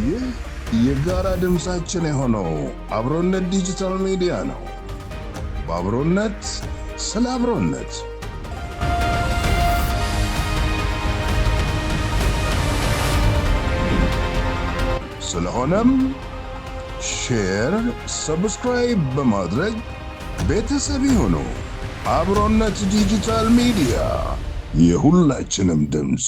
ይህ የጋራ ድምፃችን የሆነው አብሮነት ዲጂታል ሚዲያ ነው። በአብሮነት ስለ አብሮነት ስለሆነም ሼር፣ ሰብስክራይብ በማድረግ ቤተሰብ ይሁኑ። አብሮነት ዲጂታል ሚዲያ የሁላችንም ድምፅ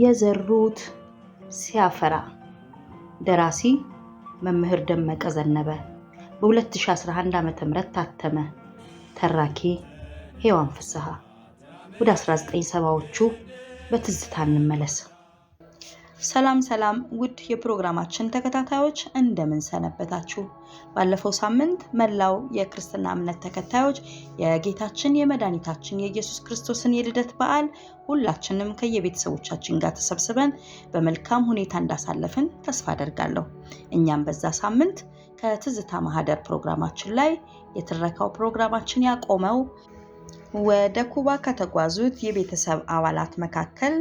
የዘሩት ሲያፈራ ደራሲ መምህር ደመቀ ዘነበ በ2011 ዓ ም ታተመ። ተራኪ ሔዋን ፍስሐ። ወደ 1970ዎቹ በትዝታ እንመለስ። ሰላም ሰላም ውድ የፕሮግራማችን ተከታታዮች እንደምን ሰነበታችሁ? ባለፈው ሳምንት መላው የክርስትና እምነት ተከታዮች የጌታችን የመድኃኒታችን የኢየሱስ ክርስቶስን የልደት በዓል ሁላችንም ከየቤተሰቦቻችን ጋር ተሰብስበን በመልካም ሁኔታ እንዳሳለፍን ተስፋ አደርጋለሁ። እኛም በዛ ሳምንት ከትዝታ ማህደር ፕሮግራማችን ላይ የትረካው ፕሮግራማችን ያቆመው ወደ ኩባ ከተጓዙት የቤተሰብ አባላት መካከል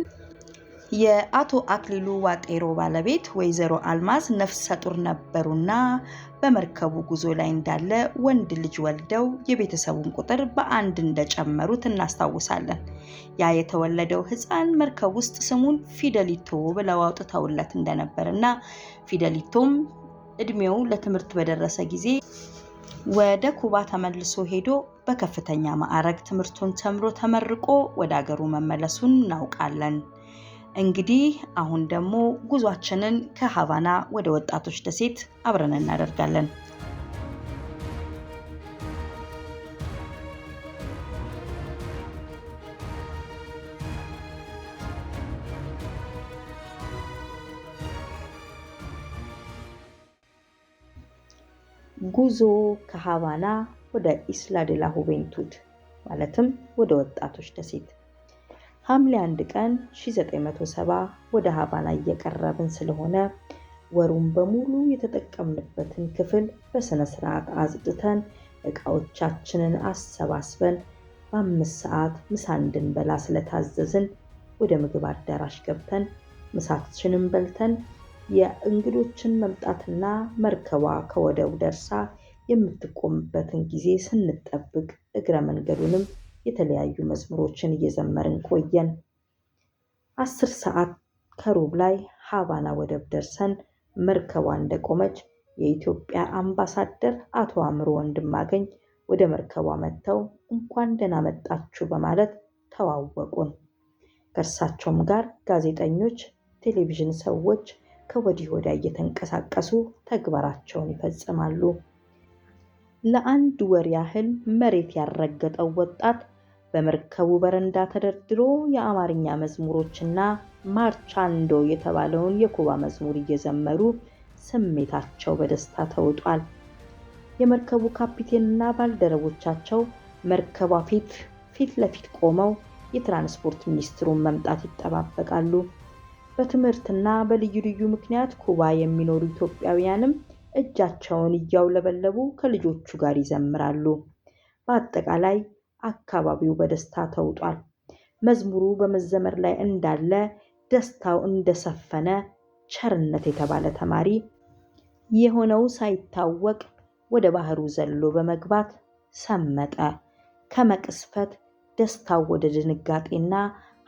የአቶ አክሊሉ ዋጤሮ ባለቤት ወይዘሮ አልማዝ ነፍሰ ጡር ነበሩና በመርከቡ ጉዞ ላይ እንዳለ ወንድ ልጅ ወልደው የቤተሰቡን ቁጥር በአንድ እንደጨመሩት እናስታውሳለን። ያ የተወለደው ሕፃን መርከብ ውስጥ ስሙን ፊደሊቶ ብለው አውጥተውለት እንደነበርና ፊደሊቶም እድሜው ለትምህርት በደረሰ ጊዜ ወደ ኩባ ተመልሶ ሄዶ በከፍተኛ ማዕረግ ትምህርቱን ተምሮ ተመርቆ ወደ አገሩ መመለሱን እናውቃለን። እንግዲህ አሁን ደግሞ ጉዟችንን ከሀቫና ወደ ወጣቶች ደሴት አብረን እናደርጋለን። ጉዞ ከሀቫና ወደ ኢስላ ዴላ ሁቬንቱድ ማለትም ወደ ወጣቶች ደሴት ሐምሌ 1 ቀን 1970 ወደ ሐቫና እየቀረብን ስለሆነ ወሩን በሙሉ የተጠቀምንበትን ክፍል በሥነ ሥርዓት አጽድተን ዕቃዎቻችንን አሰባስበን በአምስት ሰዓት ምሳ እንድንበላ ስለታዘዝን ወደ ምግብ አዳራሽ ገብተን ምሳችንን በልተን የእንግዶችን መምጣትና መርከቧ ከወደቡ ደርሳ የምትቆምበትን ጊዜ ስንጠብቅ እግረ መንገዱንም የተለያዩ መዝሙሮችን እየዘመርን ቆየን። አስር ሰዓት ከሩብ ላይ ሀቫና ወደብ ደርሰን መርከቧ እንደቆመች የኢትዮጵያ አምባሳደር አቶ አምሮ ወንድማገኝ ወደ መርከቧ መጥተው እንኳን ደህና መጣችሁ በማለት ተዋወቁን። ከእርሳቸውም ጋር ጋዜጠኞች፣ ቴሌቪዥን ሰዎች ከወዲህ ወዲያ እየተንቀሳቀሱ ተግባራቸውን ይፈጽማሉ። ለአንድ ወር ያህል መሬት ያረገጠው ወጣት በመርከቡ በረንዳ ተደርድሮ የአማርኛ መዝሙሮችና ማርቻንዶ የተባለውን የኩባ መዝሙር እየዘመሩ ስሜታቸው በደስታ ተውጧል። የመርከቡ ካፒቴንና ባልደረቦቻቸው መርከቧ ፊት ፊት ለፊት ቆመው የትራንስፖርት ሚኒስትሩን መምጣት ይጠባበቃሉ። በትምህርትና በልዩ ልዩ ምክንያት ኩባ የሚኖሩ ኢትዮጵያውያንም እጃቸውን እያውለበለቡ ከልጆቹ ጋር ይዘምራሉ። በአጠቃላይ አካባቢው በደስታ ተውጧል። መዝሙሩ በመዘመር ላይ እንዳለ ደስታው እንደሰፈነ ቸርነት የተባለ ተማሪ የሆነው ሳይታወቅ ወደ ባህሩ ዘሎ በመግባት ሰመጠ። ከመቅስፈት ደስታው ወደ ድንጋጤና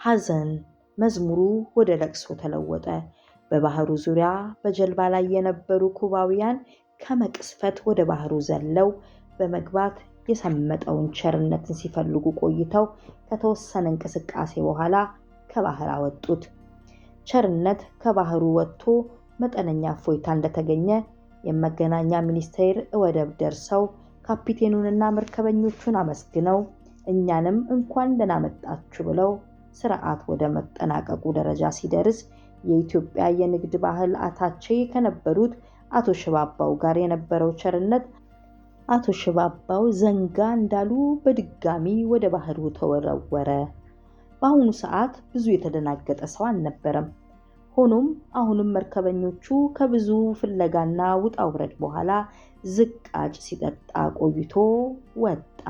ሐዘን፣ መዝሙሩ ወደ ለቅሶ ተለወጠ። በባህሩ ዙሪያ በጀልባ ላይ የነበሩ ኩባውያን ከመቅስፈት ወደ ባህሩ ዘለው በመግባት የሰመጠውን ቸርነትን ሲፈልጉ ቆይተው ከተወሰነ እንቅስቃሴ በኋላ ከባህር አወጡት። ቸርነት ከባህሩ ወጥቶ መጠነኛ እፎይታ እንደተገኘ የመገናኛ ሚኒስቴር ወደብ ደርሰው ካፒቴኑንና መርከበኞቹን አመስግነው እኛንም እንኳን ደህና መጣችሁ ብለው ስርዓት ወደ መጠናቀቁ ደረጃ ሲደርስ የኢትዮጵያ የንግድ ባህል አታቼ ከነበሩት አቶ ሽባባው ጋር የነበረው ቸርነት አቶ ሽባባው ዘንጋ እንዳሉ በድጋሚ ወደ ባህሩ ተወረወረ። በአሁኑ ሰዓት ብዙ የተደናገጠ ሰው አልነበረም። ሆኖም አሁንም መርከበኞቹ ከብዙ ፍለጋና ውጣ ውረድ በኋላ ዝቃጭ ሲጠጣ ቆይቶ ወጣ።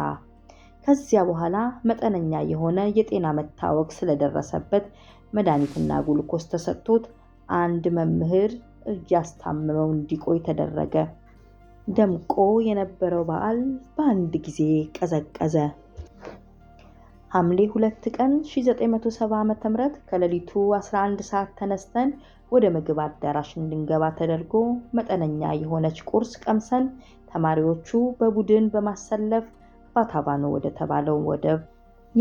ከዚያ በኋላ መጠነኛ የሆነ የጤና መታወክ ስለደረሰበት መድኃኒትና ጉልኮስ ተሰጥቶት አንድ መምህር እያስታመመው እንዲቆይ ተደረገ። ደምቆ የነበረው በዓል በአንድ ጊዜ ቀዘቀዘ። ሐምሌ 2 ቀን 1970 ዓ.ም ከሌሊቱ 11 ሰዓት ተነስተን ወደ ምግብ አዳራሽ እንድንገባ ተደርጎ መጠነኛ የሆነች ቁርስ ቀምሰን ተማሪዎቹ በቡድን በማሰለፍ ባታባኖ ወደ ተባለው ወደብ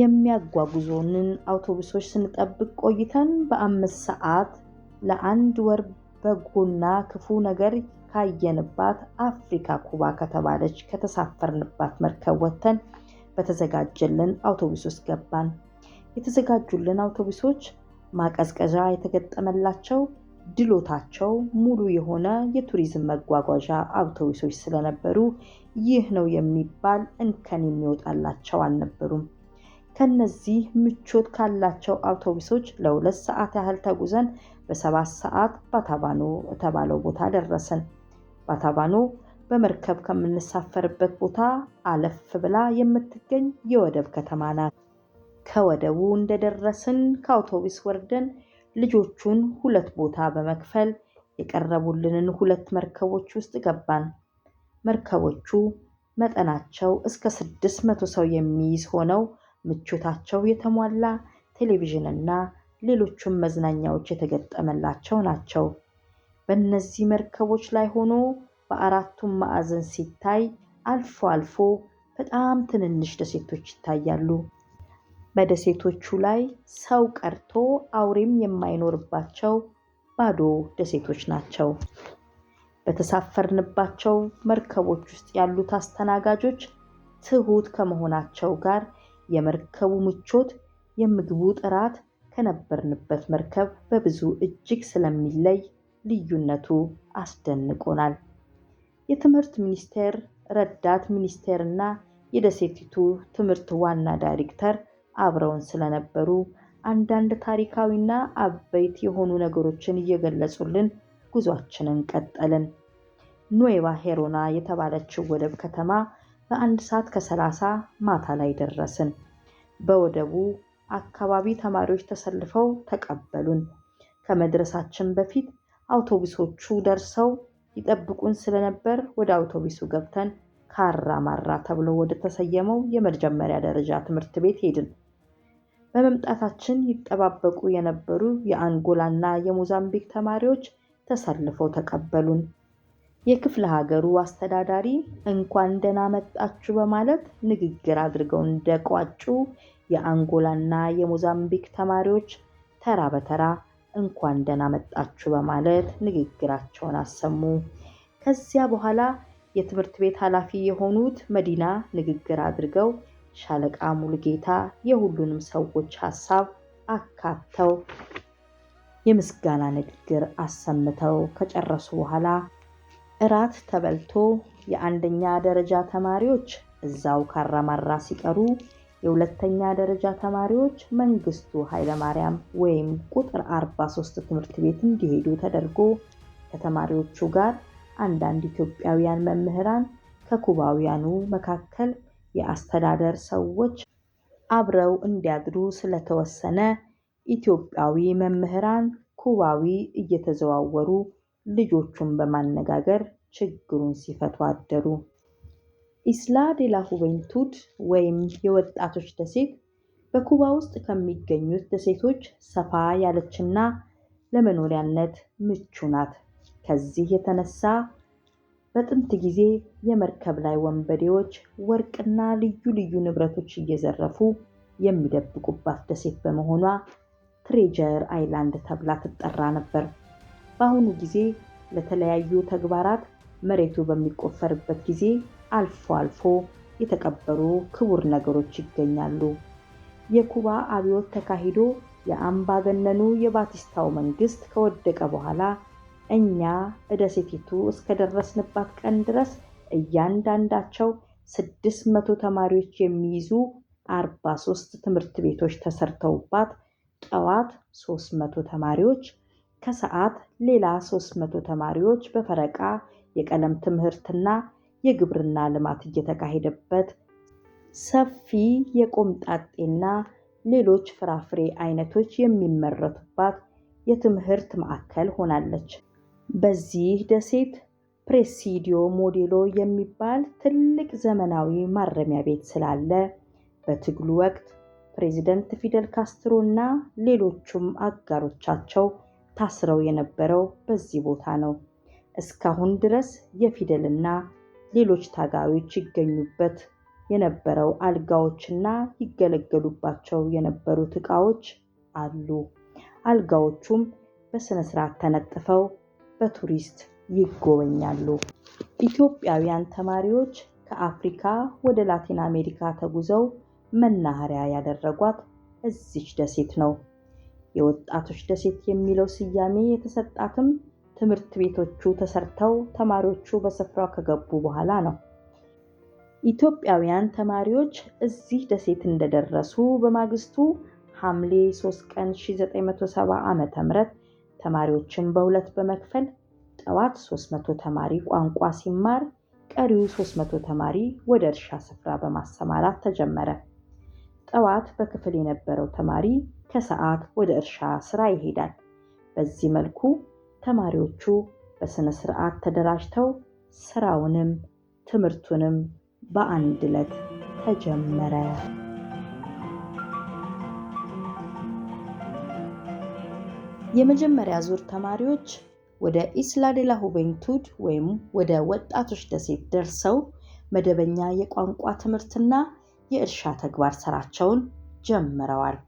የሚያጓጉዞንን አውቶቡሶች ስንጠብቅ ቆይተን በአምስት ሰዓት ለአንድ ወር በጎና ክፉ ነገር ካየንባት አፍሪካ ኩባ ከተባለች ከተሳፈርንባት መርከብ ወጥተን በተዘጋጀልን አውቶቡስ ውስጥ ገባን። የተዘጋጁልን አውቶቡሶች ማቀዝቀዣ የተገጠመላቸው ድሎታቸው ሙሉ የሆነ የቱሪዝም መጓጓዣ አውቶቡሶች ስለነበሩ ይህ ነው የሚባል እንከን የሚወጣላቸው አልነበሩም። ከነዚህ ምቾት ካላቸው አውቶቡሶች ለሁለት ሰዓት ያህል ተጉዘን በሰባት ሰዓት ባታባኖ የተባለው ቦታ ደረሰን። ባታባኖ በመርከብ ከምንሳፈርበት ቦታ አለፍ ብላ የምትገኝ የወደብ ከተማ ናት። ከወደቡ እንደደረስን ከአውቶቡስ ወርደን ልጆቹን ሁለት ቦታ በመክፈል የቀረቡልንን ሁለት መርከቦች ውስጥ ገባን። መርከቦቹ መጠናቸው እስከ ስድስት መቶ ሰው የሚይዝ ሆነው ምቾታቸው የተሟላ ቴሌቪዥንና ሌሎችም መዝናኛዎች የተገጠመላቸው ናቸው። በእነዚህ መርከቦች ላይ ሆኖ በአራቱም ማዕዘን ሲታይ አልፎ አልፎ በጣም ትንንሽ ደሴቶች ይታያሉ። በደሴቶቹ ላይ ሰው ቀርቶ አውሬም የማይኖርባቸው ባዶ ደሴቶች ናቸው። በተሳፈርንባቸው መርከቦች ውስጥ ያሉት አስተናጋጆች ትሁት ከመሆናቸው ጋር የመርከቡ ምቾት፣ የምግቡ ጥራት ከነበርንበት መርከብ በብዙ እጅግ ስለሚለይ ልዩነቱ አስደንቆናል። የትምህርት ሚኒስቴር ረዳት ሚኒስቴር እና የደሴቲቱ ትምህርት ዋና ዳይሬክተር አብረውን ስለነበሩ አንዳንድ ታሪካዊና አበይት የሆኑ ነገሮችን እየገለጹልን ጉዟችንን ቀጠልን። ኑዌባ ሄሮና የተባለችው ወደብ ከተማ በአንድ ሰዓት ከሰላሳ ማታ ላይ ደረስን። በወደቡ አካባቢ ተማሪዎች ተሰልፈው ተቀበሉን። ከመድረሳችን በፊት አውቶቡሶቹ ደርሰው ይጠብቁን ስለነበር ወደ አውቶቡሱ ገብተን ካራ ማራ ተብሎ ወደ ተሰየመው የመጀመሪያ ደረጃ ትምህርት ቤት ሄድን። በመምጣታችን ይጠባበቁ የነበሩ የአንጎላና የሞዛምቢክ ተማሪዎች ተሰልፈው ተቀበሉን። የክፍለ ሀገሩ አስተዳዳሪ እንኳን ደህና መጣችሁ በማለት ንግግር አድርገው እንደቋጩ የአንጎላና የሞዛምቢክ ተማሪዎች ተራ በተራ እንኳን ደህና መጣችሁ በማለት ንግግራቸውን አሰሙ። ከዚያ በኋላ የትምህርት ቤት ኃላፊ የሆኑት መዲና ንግግር አድርገው ሻለቃ ሙሉጌታ የሁሉንም ሰዎች ሀሳብ አካተው የምስጋና ንግግር አሰምተው ከጨረሱ በኋላ እራት ተበልቶ የአንደኛ ደረጃ ተማሪዎች እዛው ካራማራ ሲቀሩ የሁለተኛ ደረጃ ተማሪዎች መንግስቱ ኃይለማርያም ወይም ቁጥር 43 ትምህርት ቤት እንዲሄዱ ተደርጎ ከተማሪዎቹ ጋር አንዳንድ ኢትዮጵያውያን መምህራን ከኩባውያኑ መካከል የአስተዳደር ሰዎች አብረው እንዲያድሩ ስለተወሰነ ኢትዮጵያዊ መምህራን ኩባዊ እየተዘዋወሩ ልጆቹን በማነጋገር ችግሩን ሲፈቱ አደሩ። ኢስላ ዴ ላ ሁቬንቱድ ወይም የወጣቶች ደሴት በኩባ ውስጥ ከሚገኙት ደሴቶች ሰፋ ያለችና ለመኖሪያነት ምቹ ናት። ከዚህ የተነሳ በጥንት ጊዜ የመርከብ ላይ ወንበዴዎች ወርቅና ልዩ ልዩ ንብረቶች እየዘረፉ የሚደብቁባት ደሴት በመሆኗ ትሬጀር አይላንድ ተብላ ትጠራ ነበር። በአሁኑ ጊዜ ለተለያዩ ተግባራት መሬቱ በሚቆፈርበት ጊዜ አልፎ አልፎ የተቀበሩ ክቡር ነገሮች ይገኛሉ። የኩባ አብዮት ተካሂዶ የአምባገነኑ የባቲስታው መንግስት ከወደቀ በኋላ እኛ እደሴቲቱ እስከደረስንባት ቀን ድረስ እያንዳንዳቸው 600 ተማሪዎች የሚይዙ አርባ ትምህርት ቤቶች ተሰርተውባት ጠዋት 300 መቶ ተማሪዎች ከሰዓት ሌላ 300 መቶ ተማሪዎች በፈረቃ የቀለም ትምህርትና የግብርና ልማት እየተካሄደበት ሰፊ የቆምጣጤና ሌሎች ፍራፍሬ አይነቶች የሚመረቱባት የትምህርት ማዕከል ሆናለች። በዚህ ደሴት ፕሬሲዲዮ ሞዴሎ የሚባል ትልቅ ዘመናዊ ማረሚያ ቤት ስላለ በትግሉ ወቅት ፕሬዚደንት ፊደል ካስትሮ እና ሌሎቹም አጋሮቻቸው ታስረው የነበረው በዚህ ቦታ ነው። እስካሁን ድረስ የፊደልና ሌሎች ታጋዮች ይገኙበት የነበረው አልጋዎችና ይገለገሉባቸው የነበሩት ዕቃዎች አሉ። አልጋዎቹም በሥነ ሥርዓት ተነጥፈው በቱሪስት ይጎበኛሉ። ኢትዮጵያውያን ተማሪዎች ከአፍሪካ ወደ ላቲን አሜሪካ ተጉዘው መናኸሪያ ያደረጓት እዚች ደሴት ነው። የወጣቶች ደሴት የሚለው ስያሜ የተሰጣትም ትምህርት ቤቶቹ ተሰርተው ተማሪዎቹ በስፍራው ከገቡ በኋላ ነው። ኢትዮጵያውያን ተማሪዎች እዚህ ደሴት እንደደረሱ በማግስቱ ሐምሌ 3 ቀን 1970 ዓ ም ተማሪዎችን በሁለት በመክፈል ጠዋት 300 ተማሪ ቋንቋ ሲማር ቀሪው 300 ተማሪ ወደ እርሻ ስፍራ በማሰማራት ተጀመረ። ጠዋት በክፍል የነበረው ተማሪ ከሰዓት ወደ እርሻ ስራ ይሄዳል። በዚህ መልኩ ተማሪዎቹ በሥነ ሥርዓት ተደራጅተው ሥራውንም ትምህርቱንም በአንድ ዕለት ተጀመረ። የመጀመሪያ ዙር ተማሪዎች ወደ ኢስላ ዴ ሁቬንቱድ ወይም ወደ ወጣቶች ደሴት ደርሰው መደበኛ የቋንቋ ትምህርትና የእርሻ ተግባር ሥራቸውን ጀምረዋል።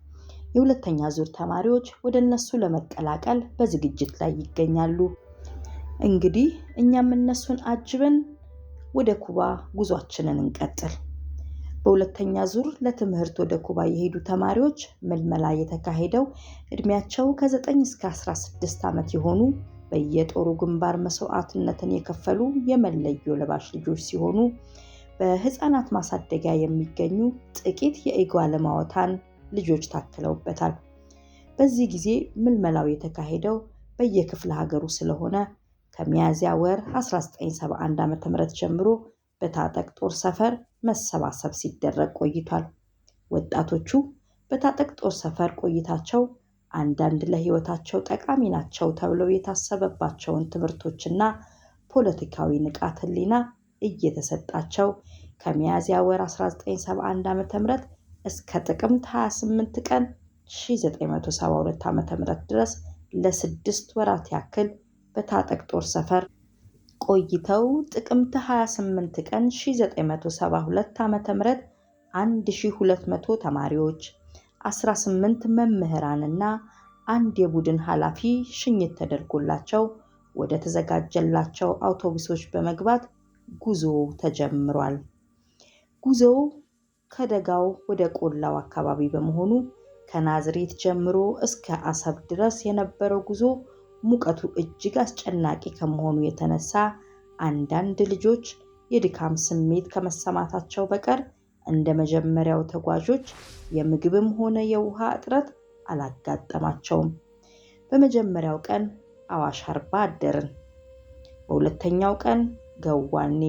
የሁለተኛ ዙር ተማሪዎች ወደ እነሱ ለመቀላቀል በዝግጅት ላይ ይገኛሉ። እንግዲህ እኛም እነሱን አጅበን ወደ ኩባ ጉዟችንን እንቀጥል። በሁለተኛ ዙር ለትምህርት ወደ ኩባ የሄዱ ተማሪዎች ምልመላ የተካሄደው እድሜያቸው ከ9 እስከ 16 ዓመት የሆኑ በየጦሩ ግንባር መስዋዕትነትን የከፈሉ የመለዮ ለባሽ ልጆች ሲሆኑ በህፃናት ማሳደጊያ የሚገኙ ጥቂት የኢጓለማዎታን ልጆች ታክለውበታል። በዚህ ጊዜ ምልመላው የተካሄደው በየክፍለ ሀገሩ ስለሆነ ከሚያዚያ ወር 1971 ም ጀምሮ በታጠቅ ጦር ሰፈር መሰባሰብ ሲደረግ ቆይቷል። ወጣቶቹ በታጠቅ ጦር ሰፈር ቆይታቸው አንዳንድ ለህይወታቸው ጠቃሚ ናቸው ተብለው የታሰበባቸውን ትምህርቶችና ፖለቲካዊ ንቃት ህሊና እየተሰጣቸው ከሚያዚያ ወር 1971 ዓ.ም እስከ ጥቅምት 28 ቀን 1972 ዓ ም ድረስ ለስድስት ወራት ያክል በታጠቅ ጦር ሰፈር ቆይተው ጥቅምት 28 ቀን 1972 ዓ ም 1200 ተማሪዎች፣ 18 እና አንድ የቡድን ኃላፊ ሽኝት ተደርጎላቸው ወደ ተዘጋጀላቸው አውቶቡሶች በመግባት ጉዞው ተጀምሯል። ጉዞው ከደጋው ወደ ቆላው አካባቢ በመሆኑ ከናዝሬት ጀምሮ እስከ አሰብ ድረስ የነበረው ጉዞ ሙቀቱ እጅግ አስጨናቂ ከመሆኑ የተነሳ አንዳንድ ልጆች የድካም ስሜት ከመሰማታቸው በቀር እንደ መጀመሪያው ተጓዦች የምግብም ሆነ የውሃ እጥረት አላጋጠማቸውም። በመጀመሪያው ቀን አዋሽ አርባ አደርን። በሁለተኛው ቀን ገዋኔ፣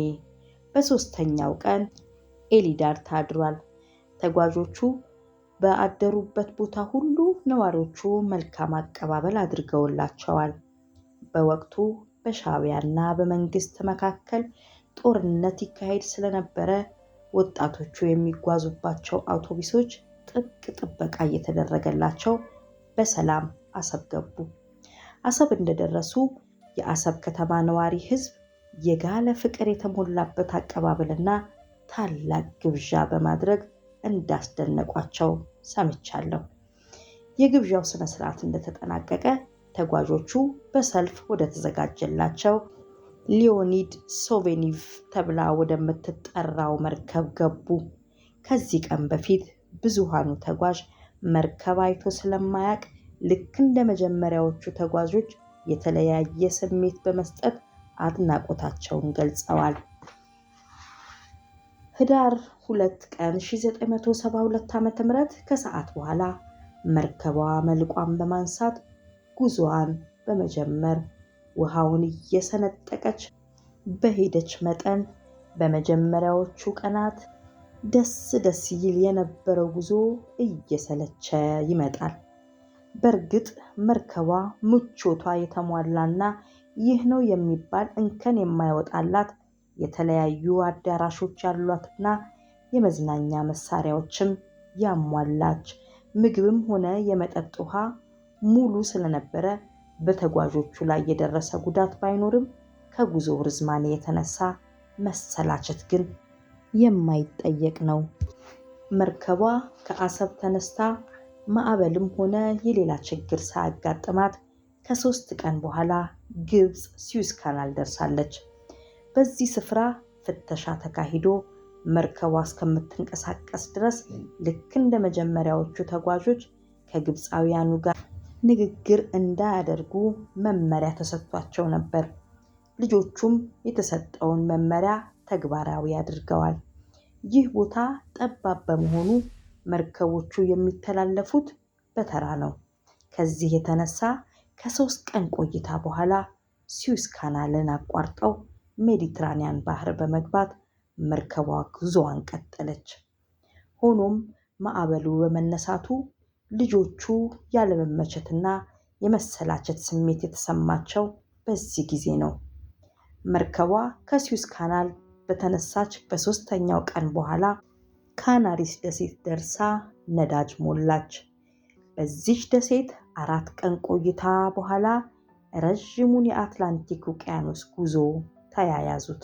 በሶስተኛው ቀን ኤሊዳር ታድሯል። ተጓዦቹ በአደሩበት ቦታ ሁሉ ነዋሪዎቹ መልካም አቀባበል አድርገውላቸዋል። በወቅቱ በሻቢያና በመንግስት መካከል ጦርነት ይካሄድ ስለነበረ ወጣቶቹ የሚጓዙባቸው አውቶቡሶች ጥብቅ ጥበቃ እየተደረገላቸው በሰላም አሰብ ገቡ። አሰብ እንደደረሱ የአሰብ ከተማ ነዋሪ ሕዝብ የጋለ ፍቅር የተሞላበት አቀባበልና ታላቅ ግብዣ በማድረግ እንዳስደነቋቸው ሰምቻለሁ። የግብዣው ስነ ስርዓት እንደተጠናቀቀ ተጓዦቹ በሰልፍ ወደ ተዘጋጀላቸው ሊዮኒድ ሶቬኒቭ ተብላ ወደምትጠራው መርከብ ገቡ። ከዚህ ቀን በፊት ብዙሃኑ ተጓዥ መርከብ አይቶ ስለማያውቅ ልክ እንደ መጀመሪያዎቹ ተጓዦች የተለያየ ስሜት በመስጠት አድናቆታቸውን ገልጸዋል። ህዳር 2 ቀን 1972 ዓ.ም ከሰዓት በኋላ መርከቧ መልቋን በማንሳት ጉዞዋን በመጀመር ውሃውን እየሰነጠቀች በሄደች መጠን በመጀመሪያዎቹ ቀናት ደስ ደስ ይል የነበረው ጉዞ እየሰለቸ ይመጣል። በእርግጥ መርከቧ ምቾቷ የተሟላና ይህ ነው የሚባል እንከን የማይወጣላት የተለያዩ አዳራሾች ያሏትና የመዝናኛ መሳሪያዎችም ያሟላች፣ ምግብም ሆነ የመጠጥ ውሃ ሙሉ ስለነበረ በተጓዦቹ ላይ የደረሰ ጉዳት ባይኖርም ከጉዞ ርዝማኔ የተነሳ መሰላቸት ግን የማይጠየቅ ነው። መርከቧ ከአሰብ ተነስታ ማዕበልም ሆነ የሌላ ችግር ሳያጋጥማት ከሶስት ቀን በኋላ ግብፅ ስዊዝ ካናል ደርሳለች። በዚህ ስፍራ ፍተሻ ተካሂዶ መርከቧ እስከምትንቀሳቀስ ድረስ ልክ እንደ መጀመሪያዎቹ ተጓዦች ከግብፃውያኑ ጋር ንግግር እንዳያደርጉ መመሪያ ተሰጥቷቸው ነበር። ልጆቹም የተሰጠውን መመሪያ ተግባራዊ አድርገዋል። ይህ ቦታ ጠባብ በመሆኑ መርከቦቹ የሚተላለፉት በተራ ነው። ከዚህ የተነሳ ከሶስት ቀን ቆይታ በኋላ ስዊዝ ካናልን አቋርጠው ሜዲትራኒያን ባህር በመግባት መርከቧ ጉዞዋን ቀጠለች። ሆኖም ማዕበሉ በመነሳቱ ልጆቹ ያለመመቸትና የመሰላቸት ስሜት የተሰማቸው በዚህ ጊዜ ነው። መርከቧ ከስዊዝ ካናል በተነሳች በሦስተኛው ቀን በኋላ ካናሪስ ደሴት ደርሳ ነዳጅ ሞላች። በዚች ደሴት አራት ቀን ቆይታ በኋላ ረዥሙን የአትላንቲክ ውቅያኖስ ጉዞ ተያያዙት።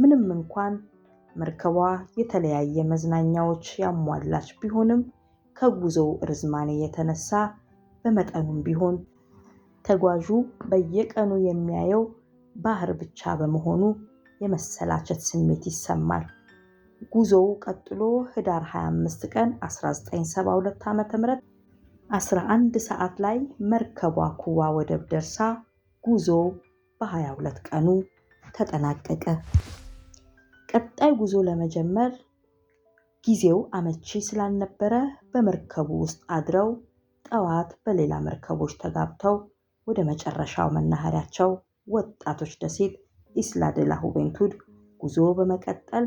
ምንም እንኳን መርከቧ የተለያየ መዝናኛዎች ያሟላች ቢሆንም ከጉዞው ርዝማኔ የተነሳ በመጠኑም ቢሆን ተጓዡ በየቀኑ የሚያየው ባህር ብቻ በመሆኑ የመሰላቸት ስሜት ይሰማል። ጉዞው ቀጥሎ ህዳር 25 ቀን 1972 ዓ ም 11 ሰዓት ላይ መርከቧ ኩዋ ወደብ ደርሳ ጉዞው በ22 ቀኑ ተጠናቀቀ። ቀጣይ ጉዞ ለመጀመር ጊዜው አመቺ ስላልነበረ በመርከቡ ውስጥ አድረው ጠዋት በሌላ መርከቦች ተጋብተው ወደ መጨረሻው መናኸሪያቸው ወጣቶች ደሴት ኢስላ ደ ላ ሁቬንቱድ ጉዞ በመቀጠል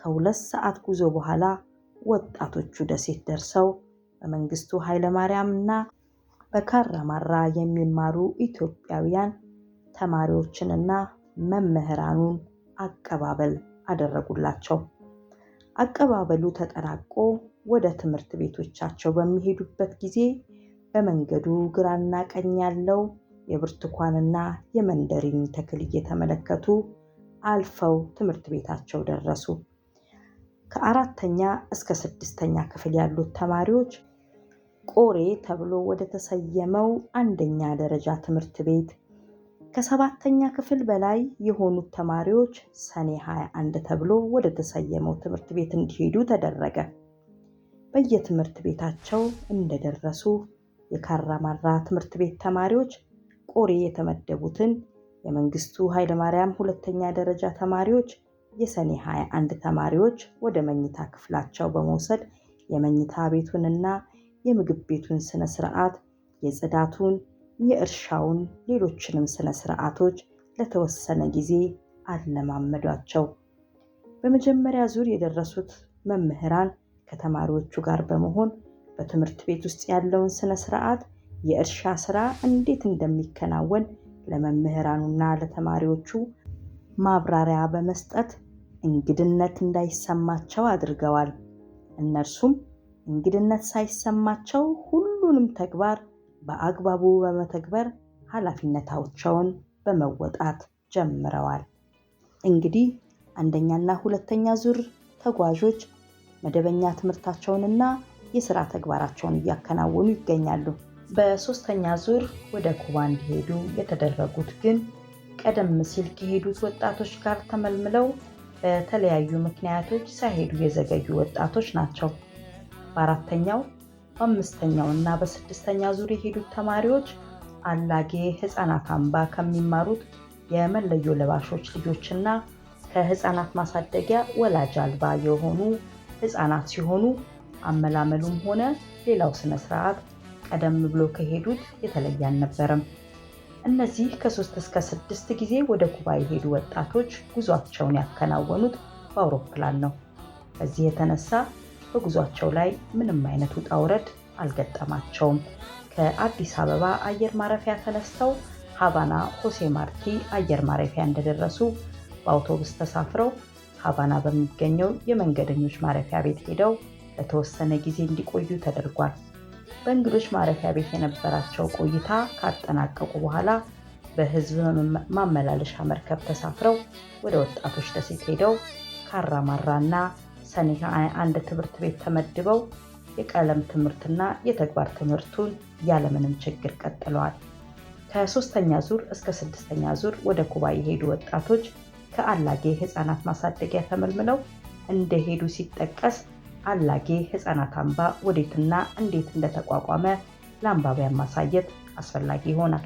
ከሁለት ሰዓት ጉዞ በኋላ ወጣቶቹ ደሴት ደርሰው በመንግስቱ ኃይለማርያም እና በካራማራ የሚማሩ ኢትዮጵያውያን ተማሪዎችንና መምህራኑን አቀባበል አደረጉላቸው። አቀባበሉ ተጠናቆ ወደ ትምህርት ቤቶቻቸው በሚሄዱበት ጊዜ በመንገዱ ግራና ቀኝ ያለው የብርቱካንና የመንደሪን ተክል እየተመለከቱ አልፈው ትምህርት ቤታቸው ደረሱ። ከአራተኛ እስከ ስድስተኛ ክፍል ያሉት ተማሪዎች ቆሬ ተብሎ ወደ ተሰየመው አንደኛ ደረጃ ትምህርት ቤት ከሰባተኛ ክፍል በላይ የሆኑት ተማሪዎች ሰኔ 21 ተብሎ ወደ ተሰየመው ትምህርት ቤት እንዲሄዱ ተደረገ። በየትምህርት ቤታቸው እንደደረሱ የካራማራ ትምህርት ቤት ተማሪዎች ቆሬ የተመደቡትን የመንግስቱ ኃይለማርያም ሁለተኛ ደረጃ ተማሪዎች የሰኔ 21 ተማሪዎች ወደ መኝታ ክፍላቸው በመውሰድ የመኝታ ቤቱንና የምግብ ቤቱን ስነ ስርዓት፣ የጽዳቱን የእርሻውን ሌሎችንም ስነ ስርዓቶች ለተወሰነ ጊዜ አለማመዷቸው። በመጀመሪያ ዙር የደረሱት መምህራን ከተማሪዎቹ ጋር በመሆን በትምህርት ቤት ውስጥ ያለውን ስነ ስርዓት የእርሻ ስራ እንዴት እንደሚከናወን ለመምህራኑና ለተማሪዎቹ ማብራሪያ በመስጠት እንግድነት እንዳይሰማቸው አድርገዋል። እነርሱም እንግድነት ሳይሰማቸው ሁሉንም ተግባር በአግባቡ በመተግበር ኃላፊነታቸውን በመወጣት ጀምረዋል። እንግዲህ አንደኛና ሁለተኛ ዙር ተጓዦች መደበኛ ትምህርታቸውንና የስራ ተግባራቸውን እያከናወኑ ይገኛሉ። በሶስተኛ ዙር ወደ ኩባ እንዲሄዱ የተደረጉት ግን ቀደም ሲል ከሄዱት ወጣቶች ጋር ተመልምለው በተለያዩ ምክንያቶች ሳይሄዱ የዘገዩ ወጣቶች ናቸው። በአራተኛው በአምስተኛው እና በስድስተኛ ዙር የሄዱት ተማሪዎች አላጌ ህፃናት አምባ ከሚማሩት የመለዮ ለባሾች ልጆችና ከህፃናት ማሳደጊያ ወላጅ አልባ የሆኑ ህፃናት ሲሆኑ አመላመሉም ሆነ ሌላው ስነ ስርዓት ቀደም ብሎ ከሄዱት የተለየ አልነበረም። እነዚህ ከሶስት እስከ ስድስት ጊዜ ወደ ኩባ የሄዱ ወጣቶች ጉዟቸውን ያከናወኑት በአውሮፕላን ነው። በዚህ የተነሳ በጉዟቸው ላይ ምንም አይነት ውጣ ውረድ አልገጠማቸውም። ከአዲስ አበባ አየር ማረፊያ ተነስተው ሀቫና ሆሴ ማርቲ አየር ማረፊያ እንደደረሱ በአውቶቡስ ተሳፍረው ሀቫና በሚገኘው የመንገደኞች ማረፊያ ቤት ሄደው ለተወሰነ ጊዜ እንዲቆዩ ተደርጓል። በእንግዶች ማረፊያ ቤት የነበራቸው ቆይታ ካጠናቀቁ በኋላ በህዝብ ማመላለሻ መርከብ ተሳፍረው ወደ ወጣቶች ደሴት ሄደው ካራማራ እና ሰኔ አንድ ትምህርት ቤት ተመድበው የቀለም ትምህርትና የተግባር ትምህርቱን ያለምንም ችግር ቀጥለዋል። ከሶስተኛ ዙር እስከ ስድስተኛ ዙር ወደ ኩባ የሄዱ ወጣቶች ከአላጌ ህፃናት ማሳደጊያ ተመልምለው እንደሄዱ ሲጠቀስ አላጌ ህፃናት አምባ ወዴትና እንዴት እንደተቋቋመ ለአንባቢያን ማሳየት አስፈላጊ ይሆናል።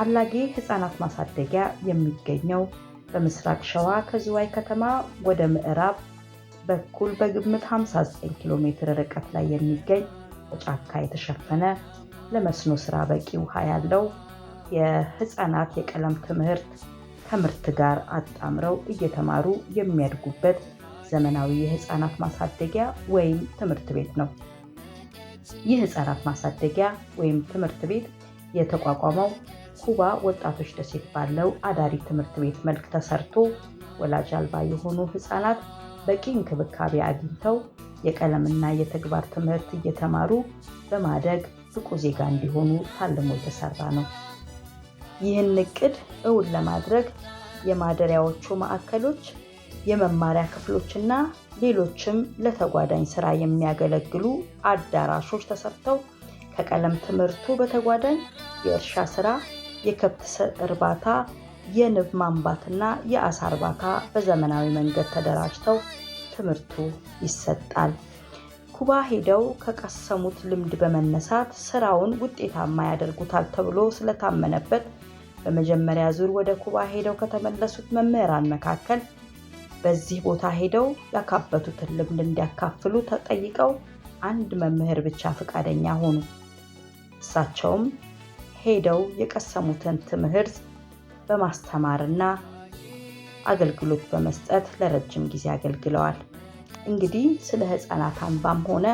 አላጌ ህፃናት ማሳደጊያ የሚገኘው በምስራቅ ሸዋ ከዝዋይ ከተማ ወደ ምዕራብ በኩል በግምት 59 ኪሎ ሜትር ርቀት ላይ የሚገኝ በጫካ የተሸፈነ ለመስኖ ስራ በቂ ውሃ ያለው የህፃናት የቀለም ትምህርት ከምርት ጋር አጣምረው እየተማሩ የሚያድጉበት ዘመናዊ የህፃናት ማሳደጊያ ወይም ትምህርት ቤት ነው። ይህ ህፃናት ማሳደጊያ ወይም ትምህርት ቤት የተቋቋመው ኩባ ወጣቶች ደሴት ባለው አዳሪ ትምህርት ቤት መልክ ተሰርቶ ወላጅ አልባ የሆኑ ህፃናት በቂ እንክብካቤ አግኝተው የቀለምና የተግባር ትምህርት እየተማሩ በማደግ ብቁ ዜጋ እንዲሆኑ ታልሞ የተሰራ ነው። ይህን እቅድ እውን ለማድረግ የማደሪያዎቹ ማዕከሎች፣ የመማሪያ ክፍሎችና ሌሎችም ለተጓዳኝ ስራ የሚያገለግሉ አዳራሾች ተሰርተው ከቀለም ትምህርቱ በተጓዳኝ የእርሻ ስራ የከብት እርባታ፣ የንብ ማንባትና የአሳ እርባታ በዘመናዊ መንገድ ተደራጅተው ትምህርቱ ይሰጣል። ኩባ ሄደው ከቀሰሙት ልምድ በመነሳት ስራውን ውጤታማ ያደርጉታል ተብሎ ስለታመነበት በመጀመሪያ ዙር ወደ ኩባ ሄደው ከተመለሱት መምህራን መካከል በዚህ ቦታ ሄደው ያካበቱትን ልምድ እንዲያካፍሉ ተጠይቀው አንድ መምህር ብቻ ፈቃደኛ ሆኑ። እሳቸውም ሄደው የቀሰሙትን ትምህርት በማስተማርና አገልግሎት በመስጠት ለረጅም ጊዜ አገልግለዋል። እንግዲህ ስለ ህፃናት አምባም ሆነ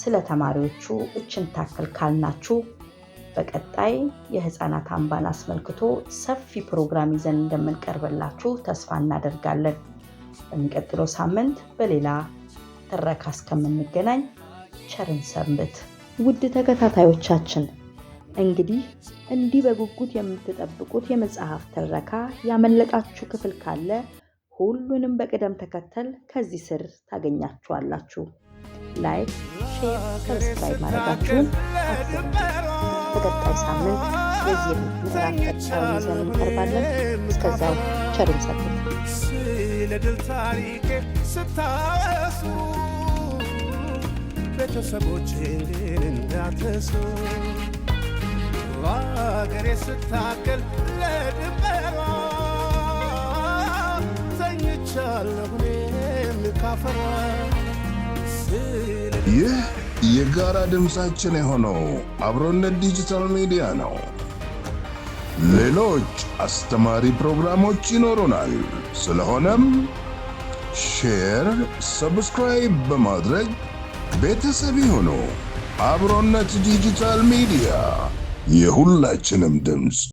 ስለ ተማሪዎቹ እችን ታክል ካልናችሁ በቀጣይ የህፃናት አምባን አስመልክቶ ሰፊ ፕሮግራም ይዘን እንደምንቀርብላችሁ ተስፋ እናደርጋለን። በሚቀጥለው ሳምንት በሌላ ትረካ እስከምንገናኝ ቸርን ሰንብት። ውድ ተከታታዮቻችን እንግዲህ እንዲህ በጉጉት የምትጠብቁት የመጽሐፍ ትረካ ያመለጣችሁ ክፍል ካለ ሁሉንም በቅደም ተከተል ከዚህ ስር ታገኛችኋላችሁ። ላይክ፣ ሼር፣ ሰብስክራይብ ማድረጋችሁን በቀጣይ ሳምንት የዚህ ምዕራፍ ይዘን እንቀርባለን። እስከዛው ቸርን ሰብት ስለ ድል ታሪክ ስታወሱ ቤተሰቦቼን እንዳትረሱ ስታገል ለድንበሯ ይህ የጋራ ድምፃችን የሆነው አብሮነት ዲጂታል ሚዲያ ነው። ሌሎች አስተማሪ ፕሮግራሞች ይኖሩናል። ስለሆነም ሼር፣ ሰብስክራይብ በማድረግ ቤተሰብ ይሁኑ። አብሮነት ዲጂታል ሚዲያ የሁላችንም ድምፅ